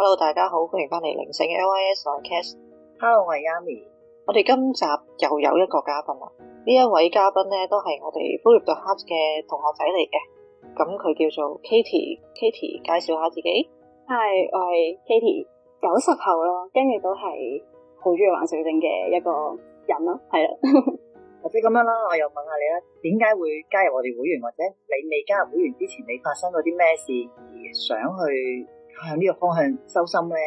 Hello，大家好，歡迎翻嚟靈性 LYS Livecast。我係 Cass。Hello，我係 Yami。我哋今集又有一個嘉賓啦。呢一位嘉賓咧都係我哋 Flow With The Heart 嘅同學仔嚟嘅。咁佢叫做 Katie，Katie，介紹下自己。Hi，我係 Katie。九十後咯，跟住都係好中意玩水晶嘅一個人咯。係啊，或者咁樣啦，我又問下你啦，點解會加入我哋會員？或者你未加入會員之前，你發生過啲咩事而想去？喺呢個方向收心咧。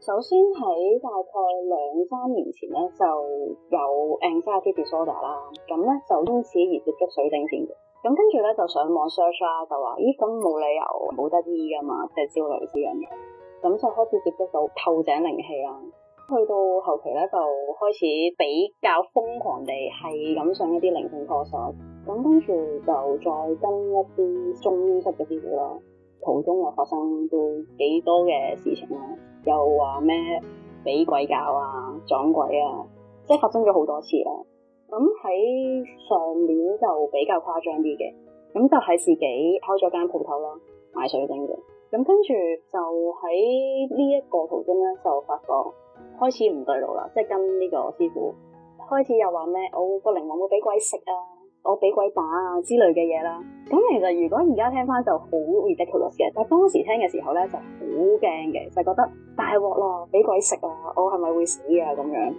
首先喺大概兩三年前咧就有 anxiety disorder 啦，咁咧就因此而接觸水晶片嘅。咁跟住咧就上網 search 啦，就話咦咁冇理由冇得醫噶嘛，即係焦慮啲樣嘢。咁就開始接觸到透井靈氣啦。去到後期咧就開始比較瘋狂地係咁上一啲靈性課程，咁跟住就再跟一啲中式嘅嗰啲嘢咯。途中發生都幾多嘅事情啦，又話咩俾鬼搞啊撞鬼啊，即係發生咗好多次啦。咁喺上年就比較誇張啲嘅，咁就喺自己開咗間鋪頭啦，賣水晶嘅。咁跟住就喺呢一個途中咧，就發覺開始唔對路啦，即係跟呢個師傅開始又話咩，我、哦這個靈魂會唔會俾鬼食啊？我俾鬼打啊之類嘅嘢啦，咁其實如果而家聽翻就好 ridiculous 嘅，但當時聽嘅時候咧就好驚嘅，就係覺得大鑊咯，俾鬼食啊，我係咪會死啊咁樣？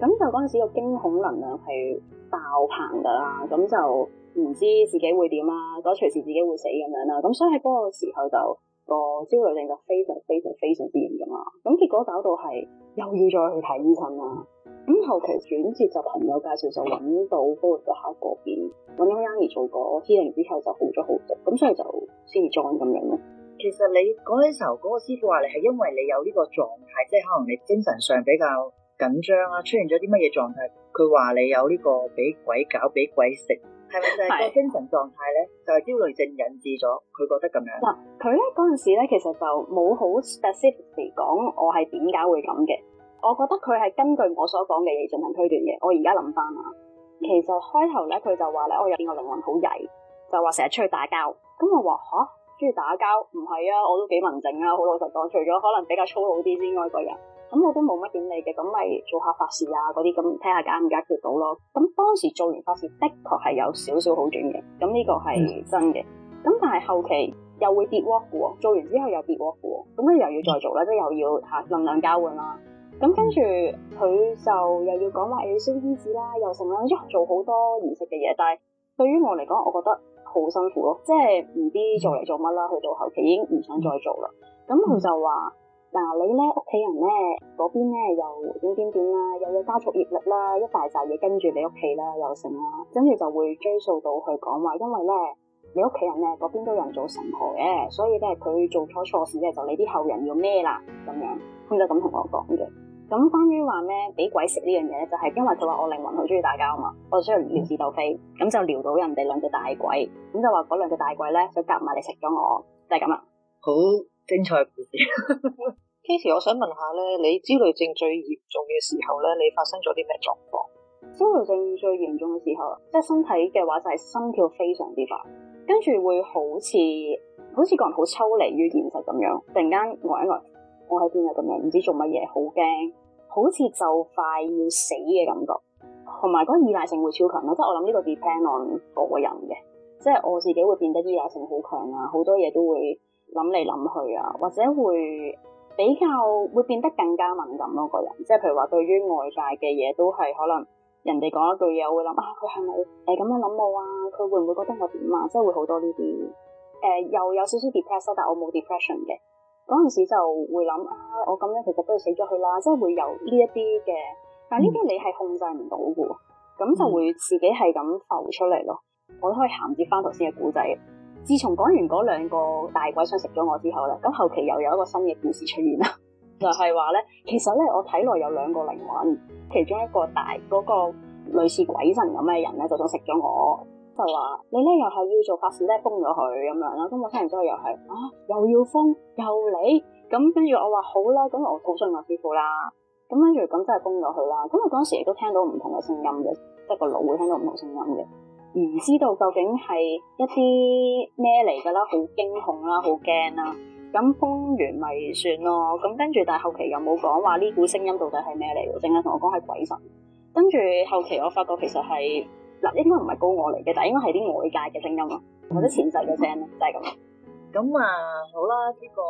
咁就嗰陣時個驚恐能量係爆棚噶啦，咁就唔知自己會點啊，咁隨時自己會死咁樣啦，咁所以喺嗰個時候就、個焦慮症就非常非常非常之嚴重嘛，咁結果搞到係又要再去睇醫生啦。咁後期轉接就朋友介紹，就揾到嗰個石刻嗰邊揾咗 Yanny 做個 T 型，之後就好咗好多，咁所以就先至再咁樣咯。其實你嗰陣時候，嗰個師傅話你係因為你有呢個狀態，即係可能你精神上比較緊張啦、啊，出現咗啲乜嘢狀態，佢話你有呢個俾鬼搞俾鬼食，係咪就係個精神狀態咧？ 就係焦慮症引致咗，佢覺得咁樣。嗱，佢咧嗰陣時咧，其實就冇好 specific 嚟講，我係點解會咁嘅。我覺得佢係根據我所講嘅嘢進行推斷嘅。我而家諗翻啊，其實開頭咧佢就話咧：我有見個靈魂好曳，就話成日出去打交。」咁我話吓，中意打交？唔係啊，我都幾文靜啊，好老實講。除咗可能比較粗魯啲之外，個人咁我都冇乜點理嘅。咁咪做下法事啊，嗰啲咁睇下解唔解決到咯。咁當時做完法事，的確係有少少好轉嘅。咁呢個係真嘅。咁但係後期又會跌鍋嘅喎，做完之後又跌鍋嘅喎。咁咧又要再做啦，嗯、即又要嚇能量交換啦、啊。咁跟住佢就又要講話要燒紙啦，又成啦，即做好多儀式嘅嘢。但係對於我嚟講，我覺得好辛苦咯，即係唔知做嚟做乜啦。去到後期已經唔想再做啦。咁佢就話：嗱、嗯啊，你咧屋企人咧嗰邊咧又點點點啦，又要加速業力啦，一大紮嘢跟住你屋企啦，又成啦。跟住就會追溯到佢講話，因為咧你屋企人咧嗰邊都有人做神婆嘅，所以咧佢做錯錯事咧就你啲後人要咩啦咁樣，佢就咁同我講嘅。咁、嗯、關於話咩俾鬼食呢樣嘢咧，就係、是、因為佢話我靈魂好中意打交啊嘛，我就出去撩事鬥非，咁就撩到人哋兩隻大鬼，咁就話嗰兩隻大鬼咧就夾埋嚟食咗我，就係咁啦。好精彩故事。Katie， 我想問下咧，你焦慮症最嚴重嘅時候咧，你發生咗啲咩狀況？焦慮症最嚴重嘅時候，即係身體嘅話就係心跳非常之快，跟住會好似好似個人好抽離於現實咁樣，突然間呆一呆，我喺邊啊咁樣，唔知做乜嘢，好驚。好似就快要死嘅感覺，同埋嗰個依賴性會超強咯，即係我諗呢個 depend on 個個人嘅，即係我自己會變得依賴性好強啊，好多嘢都會諗嚟諗去啊，或者會比較會變得更加敏感咯、啊，個人即係譬如話對於外界嘅嘢都係可能人哋講一句嘢，我會諗啊，佢係咪誒咁樣諗我啊？佢會唔會覺得我點啊？即係會好多呢啲誒，呃、又有點點有少少 depress，但係我冇 depression 嘅。嗰陣時就會諗啊，我咁樣其實都係死咗佢啦，即係會有呢一啲嘅，但係呢啲你係控制唔到嘅，咁、嗯、就會自己係咁浮出嚟咯。我都可以銜接翻頭先嘅古仔。自從講完嗰兩個大鬼想食咗我之後咧，咁後期又有一個新嘅故事出現啦，就係話咧，其實咧我體內有兩個靈魂，其中一個大嗰、嗰個類似鬼神咁嘅人咧，就想食咗我。就話你咧又係要做法事咧封咗佢咁樣咯，咁我聽完之後又係啊，又要封又嚟，咁跟住我話好啦，咁我好信個師傅啦，咁跟住咁真係封咗佢啦，咁我嗰時亦都聽到唔同嘅聲音嘅，即係個腦會聽到唔同聲音嘅，唔知道究竟係一啲咩嚟噶啦，好驚恐啦，好驚啦，咁、嗯、封完咪算咯，咁跟住但係後期又冇講話呢股聲音到底係咩嚟嘅？淨係同我講係鬼神，跟住後期我發覺其實係。嗱，呢啲應該唔係高我嚟嘅，但應該係啲外界嘅聲音咯，嗯、或者前世嘅聲音咯，嗯、就係咁。咁啊，好啦，呢、這個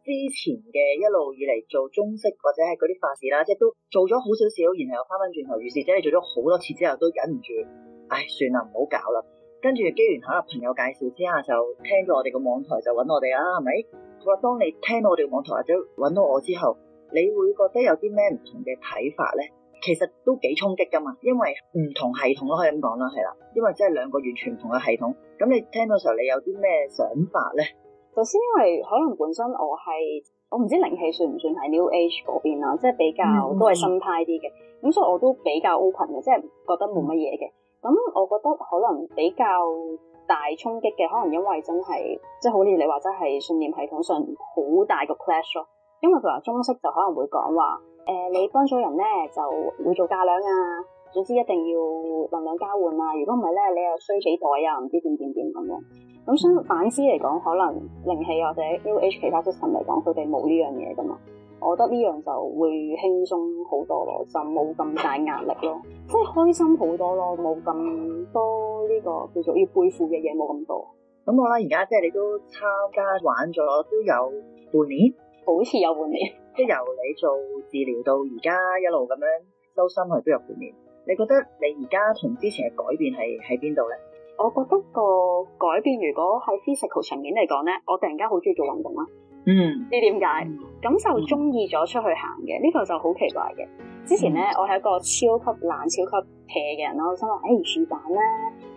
之前嘅一路以嚟做中式或者係嗰啲法事啦，即係都做咗好少少，然後又翻翻轉頭，於是即係做咗好多次之後都忍唔住，唉、哎，算啦，唔好搞啦。跟住機緣巧合朋友介紹之下就就，就聽到我哋個網台，就揾我哋啦，係咪？佢話，當你聽到我哋個網台或者揾到我之後，你會覺得有啲咩唔同嘅睇法咧？其實都幾衝擊噶嘛，因為唔同系統都可以咁講啦，係啦，因為即係兩個完全唔同嘅系統。咁你聽到嘅時候，你有啲咩想法咧？首先因為可能本身我係，我唔知靈氣算唔算係 New Age 嗰邊啦，即係比較都係新派啲嘅，咁、嗯、所以我都比較 open 嘅，即係覺得冇乜嘢嘅。咁我覺得可能比較大衝擊嘅，可能因為真係即係好似你話齋係信念系統上好大個 clash 咯，因為佢話中式就可能會講話。誒、呃，你幫咗人咧，就會做嫁糧啊，總之一定要能量交換啊。如果唔係咧，你又衰幾代啊，唔知點點點咁樣，怎樣、啊。咁、嗯、相、嗯、反之嚟講，可能靈氣或者 UH 其他 system 嚟講，佢哋冇呢樣嘢噶嘛。我覺得呢樣就會輕鬆好多咯，就冇咁大壓力咯，即係開心好多咯，冇咁多呢、這個叫做要背負嘅嘢，冇咁多。咁我咧而家即係你都參加玩咗都有半年，好似有半年。即由你做治療到而家一路咁樣修心去邊個層面？你覺得你而家同之前嘅改變係喺邊度咧？呢我覺得個改變如果喺 physical 層面嚟講咧，我突然間好中意做運動啦。嗯，知點解？咁、嗯、就中意咗出去行嘅，呢個、嗯、就好奇怪嘅。之前咧，我係一個超級懶、超級斜嘅人咯。我心話，哎，是但啦，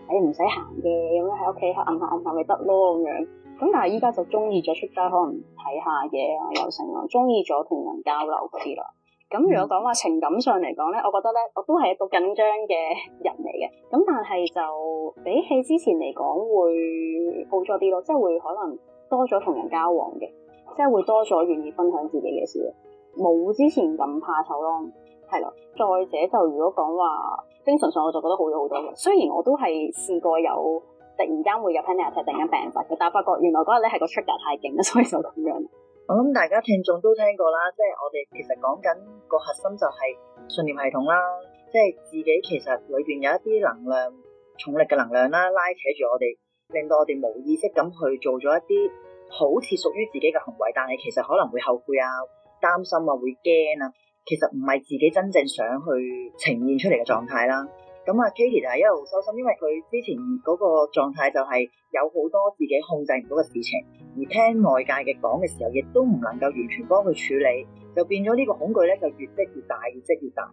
哎，唔使行嘅，咁樣喺屋企嚇按下按下咪得咯，咁樣。咁但係依家就中意咗出街，可能睇下嘢啊，又成啦，中意咗同人交流嗰啲啦。咁如果講話情感上嚟講咧，我覺得咧，我都係一個緊張嘅人嚟嘅。咁但係就比起之前嚟講，會好咗啲咯，即係會可能多咗同人交往嘅，即係會多咗願意分享自己嘅事的，冇之前咁怕醜咯。係咯，再者就如果講話精神上，我就覺得好咗好多嘅。雖然我都係試過有。突然間會有朋友就突然間病發，但係發覺原來嗰日咧係個出格太勁啦，所以就咁樣。我諗大家聽眾都聽過啦，即係我哋其實講緊個核心就係信念系統啦，即係自己其實裏邊有一啲能量重力嘅能量啦，拉扯住我哋，令到我哋冇意識咁去做咗一啲好似屬於自己嘅行為，但係其實可能會後悔啊、擔心啊、會驚啊，其實唔係自己真正想去呈現出嚟嘅狀態啦。咁啊，Katie 就係一路修心，因為佢之前嗰個狀態就係有好多自己控制唔到嘅事情，而聽外界嘅講嘅時候，亦都唔能夠完全幫佢處理，就變咗呢個恐懼咧，就越積越大，越積越大。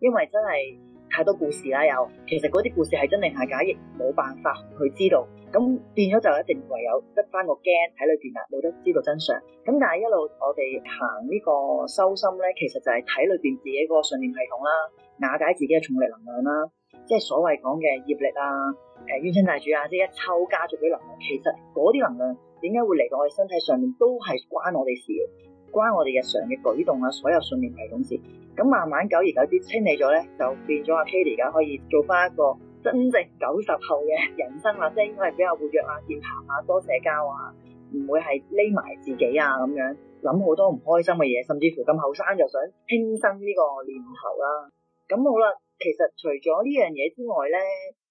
因為真係太多故事啦，又其實嗰啲故事係真定係假，亦冇辦法去知道。咁變咗就一定唯有得返個驚喺裏邊啦，冇得知道真相。咁但係一路我哋行呢個修心咧，其實就係睇裏邊自己個信念系統啦，瓦解自己嘅重力能量啦。即係所謂講嘅業力啊、誒冤親債主啊，即係一抽家族啲能量，其實嗰啲能量點解會嚟到我哋身體上面，都係關我哋事嘅，關我哋日常嘅舉動啊、所有信念系統事。咁、嗯、慢慢久而久之清理咗咧，就變咗阿 Katie 而家可以做翻一個真正九十後嘅人生啦，即係應該比較活躍啊、健談啊、多社交啊，唔會係匿埋自己啊咁樣，諗好多唔開心嘅嘢，甚至乎咁後生就想輕生呢個念頭啦、啊。咁、嗯、好啦。其實除咗呢樣嘢之外咧，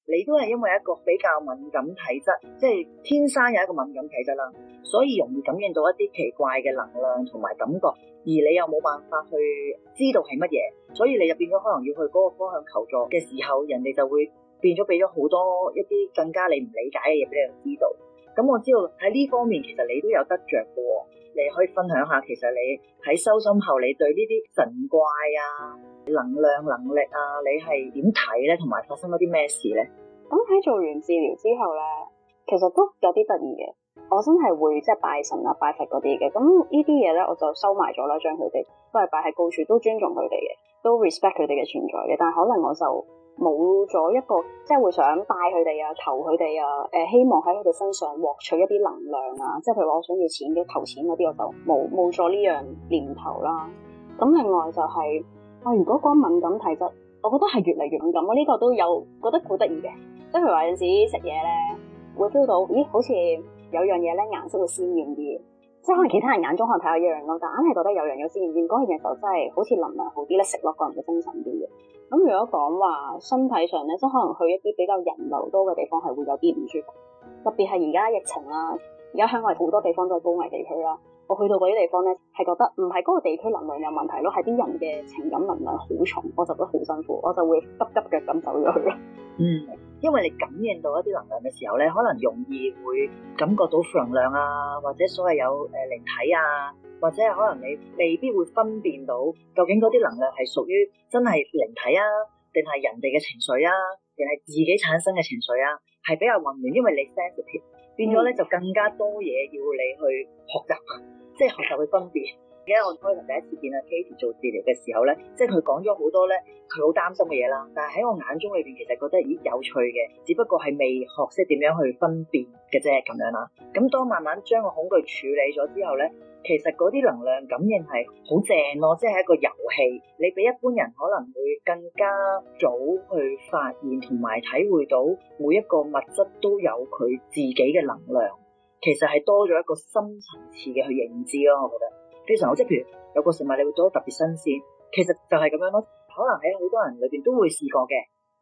你都係因為一個比較敏感體質，即係天生有一個敏感體質啦，所以容易感應到一啲奇怪嘅能量同埋感覺，而你又冇辦法去知道係乜嘢，所以你就變咗可能要去嗰個方向求助嘅時候，人哋就會變咗俾咗好多一啲更加你唔理解嘅嘢俾你知道。咁，嗯，我知道喺呢方面其實你都有得着嘅。你可以分享下，其實你喺修心後，你對呢啲神怪啊、能量能力啊，你係點睇咧？同埋發生咗啲咩事咧？咁喺做完治療之後咧，其實都有啲得意嘅。我真係會即係拜神啊、拜佛嗰啲嘅。咁呢啲嘢咧，我就收埋咗啦，將佢哋都係擺喺高處，都尊重佢哋嘅，都 respect 佢哋嘅存在嘅。但係可能我就冇咗一個即係會想拜佢哋啊、求佢哋啊、誒、呃、希望喺佢哋身上獲取一啲能量啊，即係譬如話我想要錢嘅投錢嗰啲，我就冇冇咗呢樣念頭啦。咁另外就係、是、啊，如果講敏感體質，我覺得係越嚟越敏感、啊。我、這、呢個都有覺得好得意嘅，即係譬如話有陣時食嘢咧，會 feel 到咦，好似有樣嘢咧顏色會鮮豔啲，即係可能其他人眼中可能睇下一樣咯，但硬係覺得有樣有鮮豔啲，嗰樣嘢就真係好似能量好啲咧，食落個人嘅精神啲嘅。咁如果講話身體上咧，即係可能去一啲比較人流多嘅地方係會有啲唔舒服，特別係而家疫情啦、啊，而家香港好多地方都係高危地區啦、啊。我去到嗰啲地方咧，係覺得唔係嗰個地區能量有問題咯、啊，係啲人嘅情感能量好重，我就覺得好辛苦，我就會急急腳咁走咗去咯。嗯因為你感應到一啲能量嘅時候咧，可能容易會感覺到負能量啊，或者所謂有誒、呃、靈體啊，或者可能你未必會分辨到究竟嗰啲能量係屬於真係靈體啊，定係人哋嘅情緒啊，定係自己產生嘅情緒啊，係比較混亂，因為你 sensitivity 變咗咧就更加多嘢要你去學習，即係學習去分辨。而咧，我開頭第一次見阿 Katie 做治療嘅時候咧，即係佢講咗好多咧，佢好擔心嘅嘢啦。但係喺我眼中裏邊，其實覺得咦有趣嘅，只不過係未學識點樣去分辨嘅啫咁樣啦。咁當慢慢將個恐懼處理咗之後咧，其實嗰啲能量感應係好正咯，即係一個遊戲。你比一般人可能會更加早去發現同埋體會到每一個物質都有佢自己嘅能量，其實係多咗一個深層次嘅去認知咯。我覺得。非常好，即係譬如有個食物你會做得特別新鮮，其實就係咁樣咯。可能喺好多人裏邊都會試過嘅，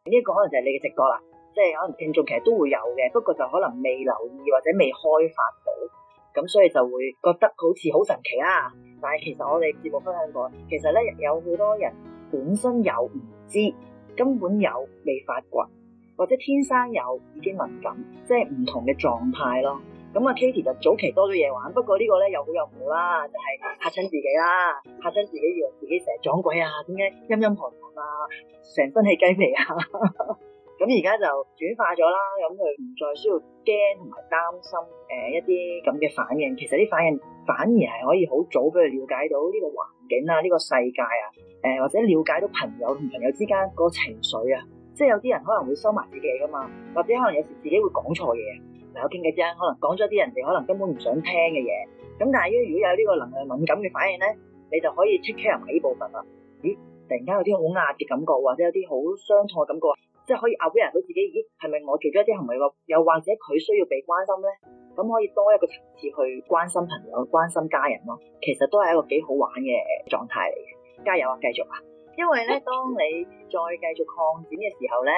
呢個可能就係你嘅直覺啦。即係可能聽眾其實都會有嘅，不過就可能未留意或者未開發到，咁所以就會覺得好似好神奇啊。但係其實我哋節目分享過，其實咧有好多人本身有唔知，根本有未發掘，或者天生有已經敏感，即係唔同嘅狀態咯。咁啊，Katie 就早期多咗嘢玩，不過呢個咧又好又唔好啦，就係嚇親自己啦，嚇親自己以為自己成日撞鬼啊，點解陰陰寒寒啊，成身起雞皮啊，咁而家就轉化咗啦，咁佢唔再需要驚同埋擔心誒、呃、一啲咁嘅反應，其實啲反應反而係可以好早俾佢了解到呢個環境啊，呢個世界啊，誒、呃、或者了解到朋友同朋友之間個情緒啊，即係有啲人可能會收埋自己㗎嘛，或者可能有時自己會講錯嘢。朋友傾偈啫，可能講咗啲人哋可能根本唔想聽嘅嘢，咁但係如果如果有呢個能量敏感嘅反應咧，你就可以 check 埋呢部分啦。咦，突然間有啲好壓嘅感覺，或者有啲好傷痛嘅感覺，即係可以 aware 到自己，咦，係咪我其中一啲行為喎？又或者佢需要被關心咧？咁可以多一個層次去關心朋友、關心家人咯。其實都係一個幾好玩嘅狀態嚟嘅，加油啊，繼續啊！因為咧，當你再繼續擴展嘅時候咧，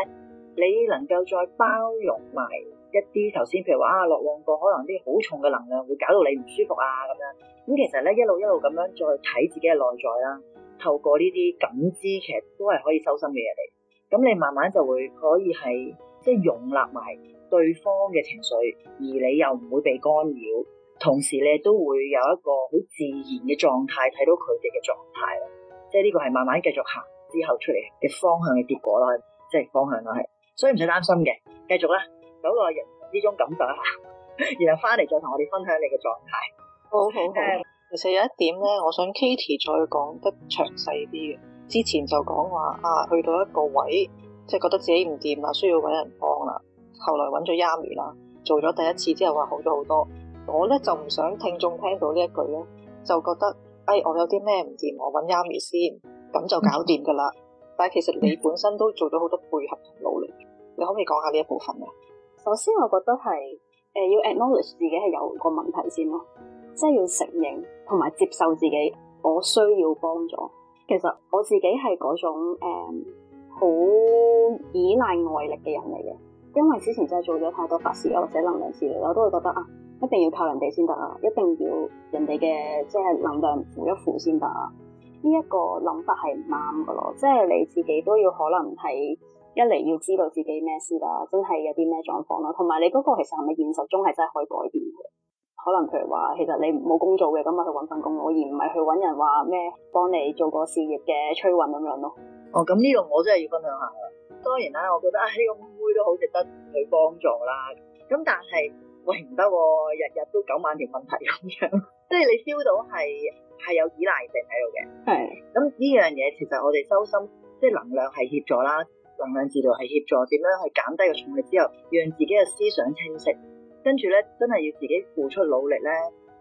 你能夠再包容埋。一啲頭先，譬如話啊，落旺角可能啲好重嘅能量會搞到你唔舒服啊，咁樣咁其實咧一路一路咁樣再睇自己嘅內在啦，透過呢啲感知，其實都係可以收心嘅嘢嚟。咁你慢慢就會可以係即係容納埋對方嘅情緒，而你又唔會被干擾，同時咧都會有一個好自然嘅狀態睇到佢哋嘅狀態啦。即係呢個係慢慢繼續行之後出嚟嘅方向嘅結果咯，即係方向咯，係所以唔使擔心嘅，繼續啦。走落嚟人呢之感受一下， 然後翻嚟再同我哋分享你嘅狀態。好好好，好好 um, 其實有一點咧，我想 Katie 再講得詳細啲嘅。之前就講話啊，去到一個位，即係覺得自己唔掂啦，需要揾人幫啦。後來揾咗 Yami 啦，做咗第一次之後話好咗好多。我咧就唔想聽眾聽到呢一句咧，就覺得誒，我有啲咩唔掂，我揾 Yami 先，咁就搞掂㗎啦。嗯、但係其實你本身都做咗好多配合同努力，你可唔可以講下呢一部分咧？首先，我覺得係誒、呃、要 acknowledge 自己係有個問題先咯，即係要承認同埋接受自己，我需要幫助。其實我自己係嗰種好、嗯、依賴外力嘅人嚟嘅，因為之前真係做咗太多法事啊，或者能量治療，我都會覺得啊，一定要靠人哋先得啊，一定要人哋嘅即係能量扶一扶先得啊。呢、這、一個諗法係唔啱㗎咯，即係你自己都要可能係。一嚟要知道自己咩事啦、啊，真係有啲咩狀況啦、啊，同埋你嗰個其實係咪現實中係真係可以改變嘅？可能譬如話，其實你冇工作嘅咁啊，去揾份工咯，而唔係去揾人話咩幫你做個事業嘅催運咁樣咯、啊。哦，咁呢個我真係要分享下。當然啦，我覺得啊，呢、哎這個妹，妹都好值得去幫助啦。咁但係喂唔得喎，日日、哦、都九萬條問題咁樣，即 係你 feel 到係係有依賴性喺度嘅。係的。咁呢樣嘢其實我哋修心，即係能量係協助啦。能量治療係協助點樣去減低個重力之後，讓自己嘅思想清晰。跟住咧，真係要自己付出努力咧，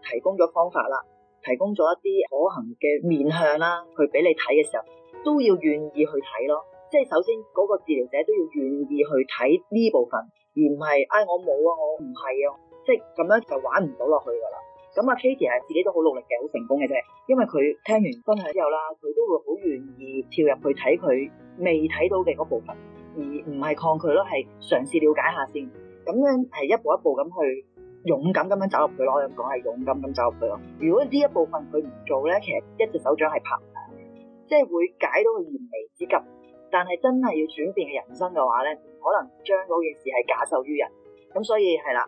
提供咗方法啦，提供咗一啲可行嘅面向啦，去俾你睇嘅時候，都要願意去睇咯。即係首先嗰個治療者都要願意去睇呢部分，而唔係，唉我冇啊，我唔係啊，即係咁樣就玩唔到落去㗎啦。咁阿 Katie 係自己都好努力嘅，好成功嘅啫。因為佢聽完分享之後啦，佢都會好願意跳入去睇佢未睇到嘅嗰部分，而唔係抗拒咯，係嘗試了解下先。咁樣係一步一步咁去勇敢咁樣走入去咯。我咁講係勇敢咁走入去咯。如果呢一部分佢唔做咧，其實一隻手掌係拍唔到，即係會解到佢燃眉之急。但係真係要轉變嘅人生嘅話咧，可能將嗰件事係假手於人。咁所以係啦。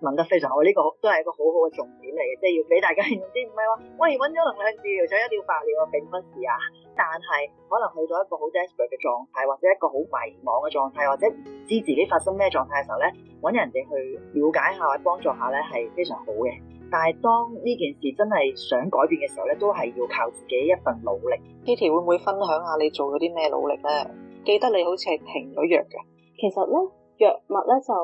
問得非常好，呢、哦這個都係一個好好嘅重點嚟嘅，即係要俾大家，唔知唔係話，喂，揾咗能量治療咗一了百了啊，並不是啊，但係可能去到一個好 desperate 嘅狀態，或者一個好迷茫嘅狀態，或者唔知自己發生咩狀態嘅時候咧，揾人哋去了解下或者幫助下咧，係非常好嘅。但係當呢件事真係想改變嘅時候咧，都係要靠自己一份努力。Katie 會唔會分享下你做咗啲咩努力咧？記得你好似係停咗藥嘅，其實咧。藥物咧就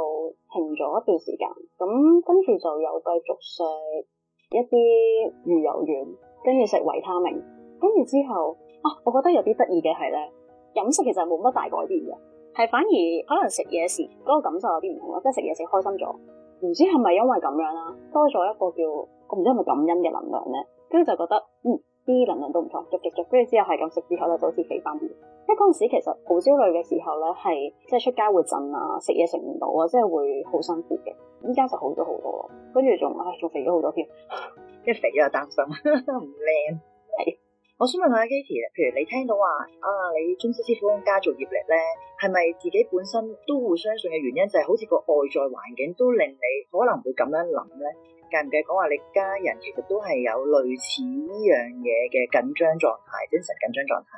停咗一段時間，咁跟住就又繼續食一啲魚油丸，跟住食維他命，跟住之後啊，我覺得有啲得意嘅係咧，飲食其實冇乜大改變嘅，係反而可能食嘢時嗰個感受有啲唔同咯，即係食嘢食開心咗，唔知係咪因為咁樣啦，多咗一個叫我唔知係咪感恩嘅能量咧，跟住就覺得嗯。啲能量都唔錯，續繼續，跟住之後係咁食之後咧，就好似肥翻啲。因為嗰陣時其實好焦慮嘅時候咧，係即係出街會震啊，食嘢食唔到啊，即係會好辛苦嘅。依家就好咗好多，跟住仲唉，仲、哎、肥咗好多添， 一肥又擔心唔靚。係 美，是我想問下 Katie 譬如你聽到話啊，你尊師師父家族業力咧，係咪自己本身都會相信嘅原因，就係好似個外在環境都令你可能會咁樣諗咧？記唔記得講話你家人其實都係有類似呢樣嘢嘅緊張狀態，精神緊張狀態？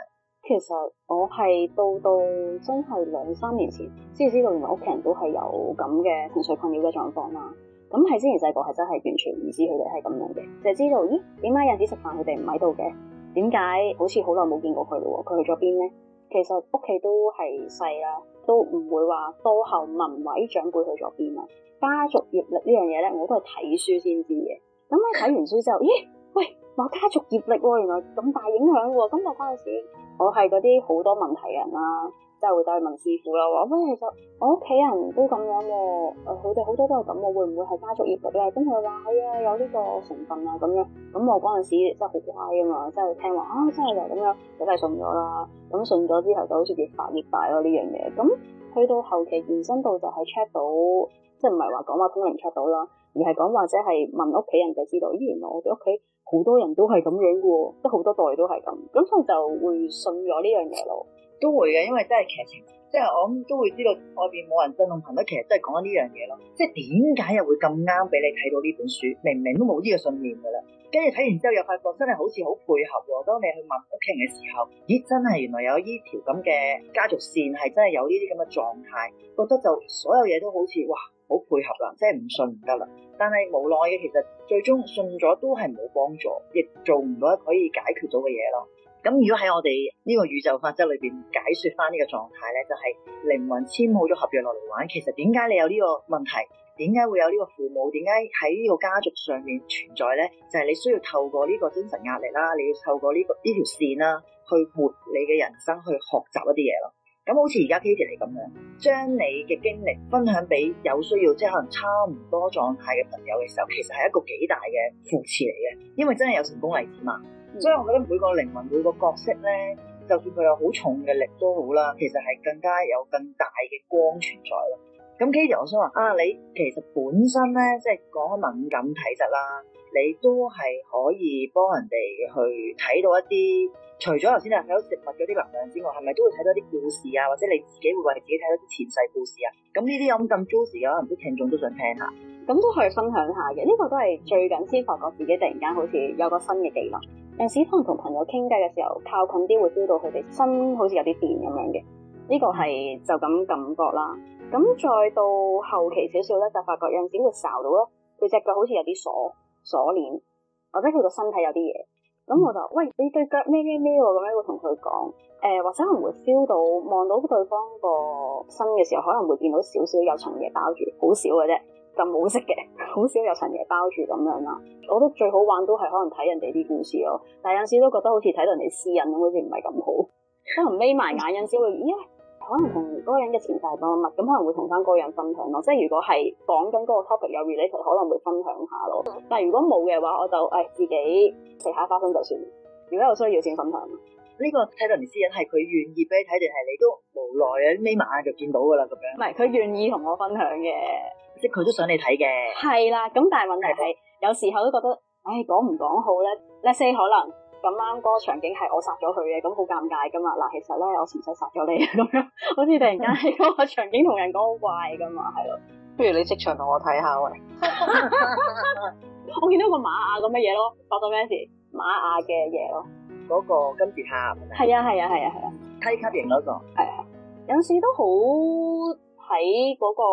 其實我係到到真係兩三年前先知道，原來屋企人都係有咁嘅情緒困擾嘅狀況啦。咁係之前細個係真係完全唔知佢哋係咁樣嘅，就係知道咦，點解有陣時食飯佢哋唔喺度嘅？點解好似好耐冇見過佢咯？佢去咗邊咧？其實屋企都係細啦，都唔會話到後文位長輩去咗邊啊。家族業力呢樣嘢咧，我都係睇書先知嘅。咁你睇完書之後，咦，喂，話家族業力喎，原來咁大影響喎。咁我嗰陣時，我係嗰啲好多問題嘅人啦，即係會走去問師傅啦，話喂，其實我屋企人都咁樣喎，佢哋好多都係咁，我會唔會係家族業力咧？咁佢話係啊，有呢個成分啊咁樣。咁我嗰陣時真係好乖啊嘛，即係聽話啊，真係就係咁樣，一嚟信咗啦。咁信咗之後就好似越發越大咯呢樣嘢。咁去到後期延伸到就係 check 到。即係唔係話講話通靈出到啦，而係講或者係問屋企人就知道。咦，原來我哋屋企好多人都係咁樣嘅，即好多代都係咁，咁所以就會信咗呢樣嘢咯。都會嘅，因為真係劇情，即係我諗都會知道外邊冇人震動頻率，其實都係講緊呢樣嘢咯。即係點解又會咁啱俾你睇到呢本書？明明都冇呢個信念嘅啦，跟住睇完之後又發覺真係好似好配合，哦。當你去問屋企人嘅時候，咦，真係原來有呢條咁嘅家族線係真係有呢啲咁嘅狀態，覺得就所有嘢都好似哇～好配合啦，即係唔信唔得啦。但係無奈嘅，其實最終信咗都係冇幫助，亦做唔到可以解決到嘅嘢咯。咁如果喺我哋呢個宇宙法則裏邊解說翻呢個狀態咧，就係、是、靈魂簽好咗合約落嚟玩。其實點解你有呢個問題？點解會有呢個父母？點解喺呢個家族上面存在咧？就係、是、你需要透過呢個精神壓力啦，你要透過呢、這個呢條、這個、線啦、啊，去活你嘅人生，去學習一啲嘢咯。咁好似而家 Katie 你咁樣，將你嘅經歷分享俾有需要，即係可能差唔多狀態嘅朋友嘅時候，其實係一個幾大嘅扶持嚟嘅，因為真係有成功例子嘛。嗯、所以我覺得每個靈魂、每個角色咧，就算佢有重好重嘅力，都好啦，其實係更加有更大嘅光存在咯。咁 Katie 我想話啊，你其實本身咧，即係講敏感體質啦，你都係可以幫人哋去睇到一啲除咗頭先係睇到食物嗰啲能量之外，係咪都會睇到啲故事啊？或者你自己會話自己睇到啲前世故事啊？咁呢啲有冇咁 juicy 嘅？可能啲聽眾都想聽下，咁都可以分享下嘅。呢個都係最近先發覺自己突然間好似有個新嘅技能，有時可能同朋友傾偈嘅時候，靠近啲會 feel 到佢哋身好似有啲電咁樣嘅。呢個係就咁感覺啦。咁再到後期少少咧，就發覺有陣時會睄到咯，佢隻腳好似有啲鎖鎖鏈，或者佢個身體有啲嘢。咁我就喂，你對腳咩咩咩咁樣會同佢講誒，或者可能會 feel 到望到對方個身嘅時候，可能會見到少少有層嘢包住，少好少嘅啫，就冇色嘅，好少有層嘢包住咁樣啦。我覺得最好玩都係可能睇人哋啲故事咯，但有陣時都覺得好似睇到人哋私隱咁，好似唔係咁好，可能眯埋眼，有陣時咦。 可能同嗰個人嘅情大係乜乜，咁可能會同翻嗰個人分享咯。即係如果係講緊嗰個 topic 有 relate，可能會分享下咯。但係如果冇嘅話，我就誒、哎、自己食下花生就算。如果有需要先分享，呢個睇到唔私隱係佢願意俾你睇定係你都無奈啊？眯埋眼就見到㗎啦咁樣。唔係，佢願意同我分享嘅，即係佢都想你睇嘅。係啦，咁但係問題係，的有時候都覺得，唉、哎，講唔講好咧？Let's say 可能。咁啱嗰個場景係我殺咗佢嘅，咁好尷尬噶嘛，嗱，其實咧我前世殺咗你咁樣， 好似突然間喺嗰個場景同人講好怪噶嘛，係咯。不如你即場同我睇下喂。 我見到個瑪雅咁嘅嘢咯，發到咩事？瑪雅嘅嘢咯。嗰個跟住喊。係啊係啊係啊係啊。梯級型嗰個。係啊。的有陣時都好睇嗰個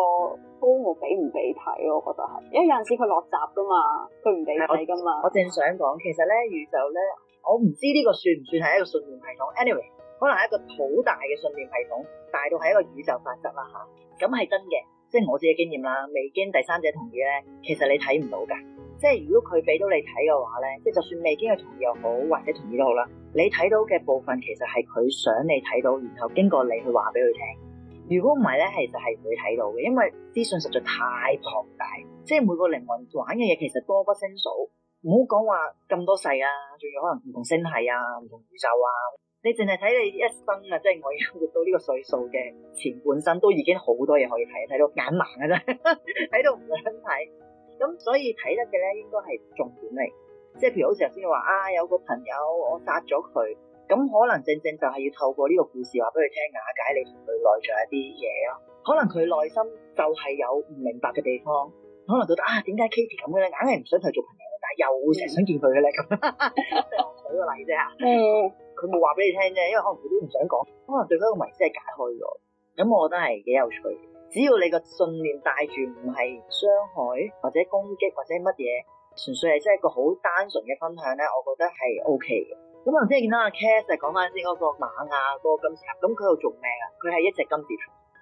高我俾唔俾睇咯，我覺得係，因為有陣時佢落閘噶嘛，佢唔俾睇噶嘛。我正想講，其實咧宇宙咧。我唔知呢個算唔算係一個信念系統，anyway，可能係一個好大嘅信念系統，大到係一個宇宙法則啦吓，咁、啊、係真嘅，即係我自己經驗啦，未經第三者同意呢，其實你睇唔到㗎。即係如果佢俾到你睇嘅話呢，即係就算未經佢同意又好，或者同意都好啦，你睇到嘅部分其實係佢想你睇到，然後經過你去話俾佢聽。如果唔係呢，其實係唔會睇到嘅，因為資訊實在太龐大，即係每個靈魂玩嘅嘢其實多不勝數。唔好講話咁多世啊，仲有可能唔同星系啊，唔同宇宙啊。你淨係睇你一生啊，即係我活到呢個歲數嘅前半生，都已經好多嘢可以睇，睇到眼盲啊，真係喺度唔想睇。咁所以睇得嘅咧，應該係重點嚟，即係譬如好似頭先你話啊，有個朋友我殺咗佢，咁可能正正就係要透過呢個故事話俾佢聽，瓦解你同佢內在一啲嘢咯。可能佢內心就係有唔明白嘅地方，可能覺得啊，點解 Katie 咁嘅咧，硬係唔想同佢做朋友。又成想見佢嘅咧咁，即係我舉個例啫嚇。佢冇話俾你聽啫，因為可能佢都唔想講。可能對佢一個迷思係解開咗，咁我覺得係幾有趣。只要你個信念帶住唔係傷害或者攻擊或者乜嘢，純粹係真係一個好單純嘅分享咧，我覺得係 OK 嘅。咁頭先見到阿 Cass 講翻先嗰個瑪雅嗰個金字塔，咁佢喺度做咩啊？佢係一隻金碟。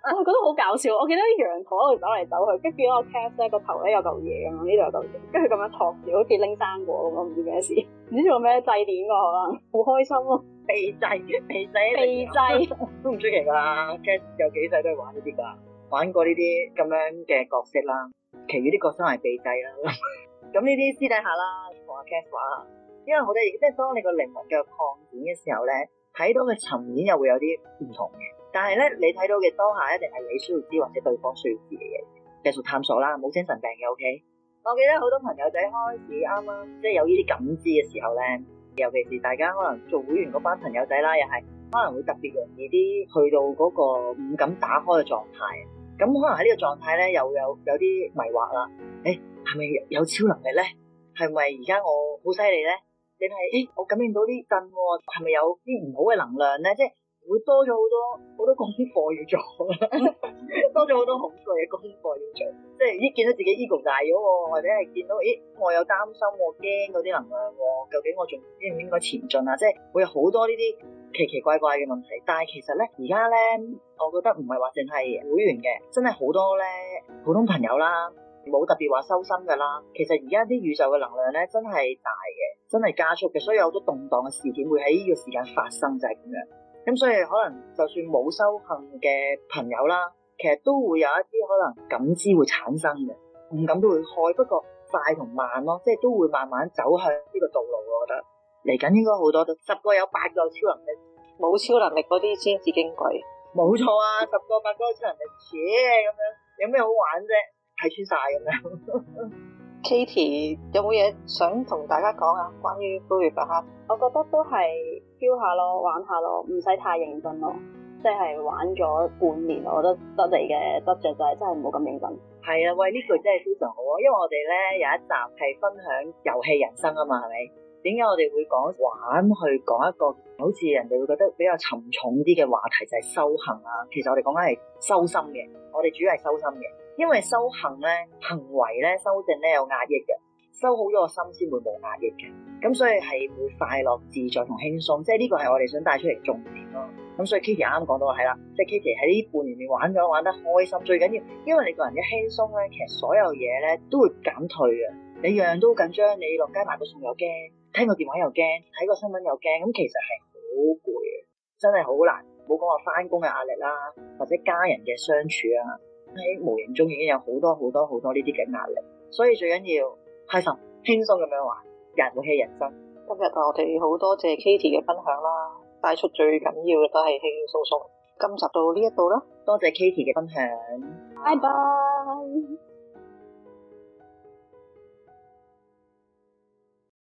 我覺得好搞笑，我記得啲陽台度走嚟走去，跟住見到個 Cass 咧個頭咧有嚿嘢咁樣，呢度有嚿嘢，跟住咁樣託住，好似拎生果咁，我唔知咩事，唔知做咩祭典嘅可能，好開心咯，啊，秘製嘅秘製秘製製 都唔出奇噶，Cass 有幾細都係玩呢啲噶，玩過呢啲咁樣嘅角色啦，其餘啲角色係秘製啦，咁呢啲私底下啦同阿 Cass 話，因為我哋即係當你個靈魂嘅擴展嘅時候咧，睇到嘅層面又會有啲唔同嘅。但係咧，你睇到嘅當下一定係你需要知，或者對方需要知嘅嘢，繼續探索啦，冇精神病嘅 O K。Okay? 我記得好多朋友仔開始啱啱，即係有呢啲感知嘅時候咧，尤其是大家可能做會員嗰班朋友仔啦，又係可能會特別容易啲去到嗰個五感打開嘅狀態，咁可能喺呢個狀態咧，又有有啲迷惑啦，誒、欸，係咪有超能力咧？係咪而家我好犀利咧？定係誒、欸，我感應到啲震、啊，係咪有啲唔好嘅能量咧？即係。會多咗好多好多功課要做 多咗好多恐懼嘅功課要做， 即係一見到自己 ego 大咗喎，或者係見到咦我有擔心我驚嗰啲能量喎，究竟我仲應唔應該前進啊？即係會有好多呢啲奇奇怪怪嘅問題。但係其實咧，而家咧，我覺得唔係話淨係會員嘅，真係好多咧，普通朋友啦，冇特別話修心㗎啦。其實而家啲宇宙嘅能量咧，真係大嘅，真係加速嘅，所以有好多動盪嘅事件會喺呢個時間發生就係咁樣。咁所以可能就算冇修行嘅朋友啦，其實都會有一啲可能感知會產生嘅唔感都會害，不過快同慢咯，即係都會慢慢走向呢個道路。我覺得嚟緊應該好多都十個有八個超能力，冇超能力嗰啲先至矜貴。冇錯啊，十個八個超能力，嘢，咁樣有咩好玩啫？睇穿晒咁樣。 Katie 有冇嘢想同大家講啊？關於《高月白鴨》，我覺得都係。挑下咯，玩下咯，唔使太認真咯。即係玩咗半年，我覺得得嚟嘅得着就係真係唔好咁認真。係啊，喂呢句真係非常好啊，因為我哋咧有一集係分享遊戲人生啊嘛，係咪？點解我哋會講玩去講一個好似人哋會覺得比較沉重啲嘅話題就係修行啊？其實我哋講緊係修心嘅，我哋主要係修心嘅，因為修行咧行為咧修正咧有壓抑嘅。收好咗個心，先會冇壓抑嘅。咁所以係會快樂、自在同輕鬆，即係呢個係我哋想帶出嚟重點咯。咁所以 Katie 啱啱講到話係啦，即係 Katie 喺呢半年裏玩咗玩得開心，最緊要因為你個人嘅輕鬆咧，其實所有嘢咧都會減退啊。你樣樣都緊張，你落街買個餸又驚，聽個電話又驚，睇個新聞又驚，咁其實係好攰嘅，真係好難。冇講話翻工嘅壓力啦，或者家人嘅相處啊，喺無形中已經有好多好多好多呢啲嘅壓力，所以最緊要。開心，輕鬆咁樣玩，人會係人生。今日我哋好多謝 Katie 嘅分享啦，帶出最緊要嘅都係輕輕鬆鬆。今集到呢一度啦，多謝 Katie 嘅分享。拜拜。